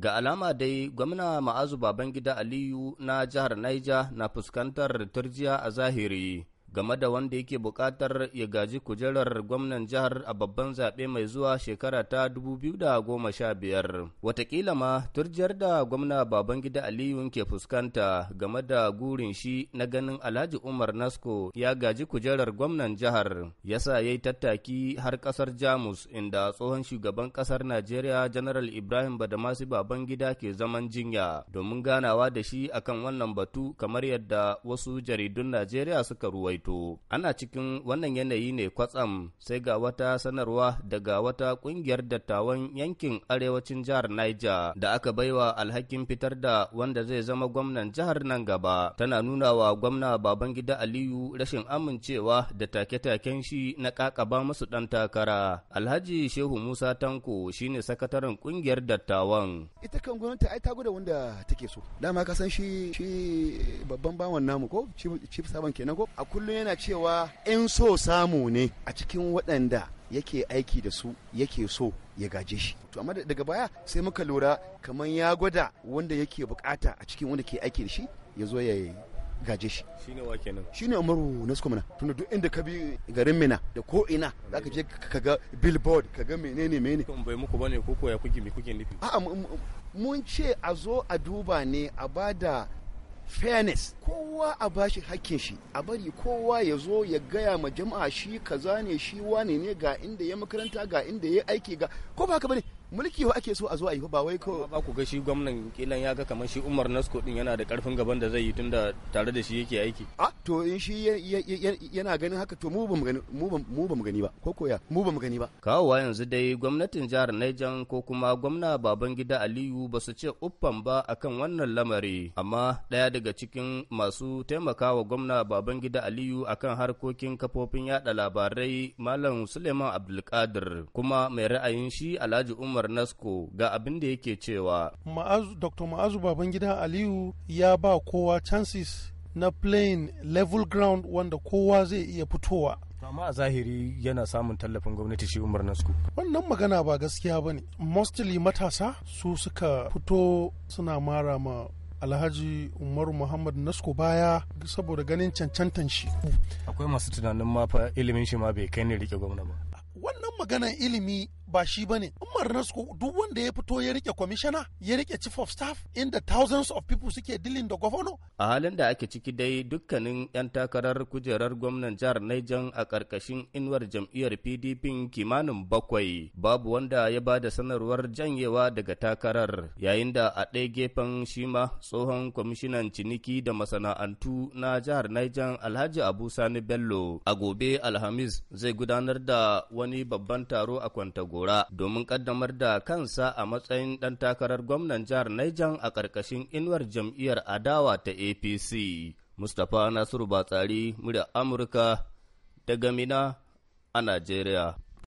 Ga alama dai gwamna ma'azu Babangida Aliyu na jihar Niger na fuskantar turjiya a zahiri game da wanda yake buƙatar ya gaji kujerar gwamnan jihar a babban zaɓe mai zuwa shekara ta 2015 watakila ma turjiyar da gwamna babangida aliyu ke fuskanta game da gurin shi na ganin alhaji umar nasko ya gaji kujerar gwamnan jihar yasa ya yi tattaki har ƙasar jamus inda tsohon shugaban ƙasar najeriya janaral ibrahim badamasi babangida ke zaman jinya domin ganawa da shi akan wannan batu kamar yadda wasu jaridun najeriya suka ruwa. Soweto. Ana cikin wannan yanayi ne kwatsam sai ga wata sanarwa daga wata kungiyar dattawan yankin arewacin jihar Niger da aka baiwa alhakin fitar da wanda zai zama gwamnan jihar nan gaba. Tana nuna wa gwamna Babangida Aliyu rashin amincewa da take-taken shi na kakaba musu ɗan takara. Alhaji Shehu Musa Tanko shine sakataren kungiyar dattawan. Ita kan gwamnati ai ta gudu wanda take so. Dama ka san shi shi babban bawan namu ko? Chief Saban kenan ko? A kullum kullum yana cewa in so samu ne a cikin waɗanda yake aiki da su yake so ya gaje shi to amma daga baya sai muka lura kamar ya gwada wanda yake bukata a cikin wanda ke aiki da shi ya zo ya gaje shi shine wa kenan shine Umaru Nasko mana tunda duk inda ka bi garin Mina da ko ina zaka je ka ga billboard ka ga menene menene kun bai muku bane ko ya kuke me kuke nufi a'a mun ce a zo a duba ne a bada fairness kowa a bashi hakkin shi a bari kowa ya zo ya gaya ma jama'a shi kaza ne shi wane ne ga inda ya makaranta ga inda ya aiki ga ko ba haka bane mulki wa ake so a zo a yi ba wai ko ba ku ga shi gwamnan kilan ya ga kamar shi Umar Nasko din yana da karfin gaban da zai yi tunda tare da shi yake aiki a to in shi yana ganin haka to mu ba mu ba mu gani ba ko koya mu ba mu gani ba kawowa yanzu dai gwamnatin jihar Niger ko kuma gwamna Babangida Aliyu ba su ce uffan ba akan wannan lamari amma daya daga cikin masu taimakawa gwamna Babangida Aliyu a kan harkokin kafofin yada labarai Malam Suleiman Abdulkadir kuma mai ra'ayin shi Alhaji Umar Nasko ga abin da yake cewa. Dr. Ma'azu Babangida Aliyu ya ba kowa chances na playing level ground wanda kowa zai iya fitowa. amma a zahiri yana samun tallafin gwamnati shi umar nasku wannan magana ba gaskiya ba ne mostly matasa su suka fito suna mara ma alhaji umaru muhammad nasko baya saboda ganin cancantan shi akwai masu tunanin ma fa ilimin shi ma bai kai ne rike gwamna ba wannan maganar ilimi ba shi ba ne umar nasko duk wanda ya fito ya rike kwamishana ya rike chief of staff inda thousands of people suke dilin da gwamna a halin da ake ciki dai dukkanin yan takarar kujerar gwamnan jihar Niger a ƙarƙashin inuwar jam'iyyar PDP kimanin bakwai babu wanda ya ba da sanarwar janyewa daga takarar yayin da a ɗaya gefen shima tsohon kwamishinan ciniki da masana'antu na jihar Niger Alhaji Abu Sani Bello a gobe Alhamis zai gudanar da wani babban taro a Kwantago Gora domin kaddamar da kansa a matsayin ɗan takarar gwamnan jihar Niger a ƙarƙashin inuwar jam'iyyar adawa ta APC. Mustapha Nasiru Batsari, murya Amurka, daga Mina a Najeriya.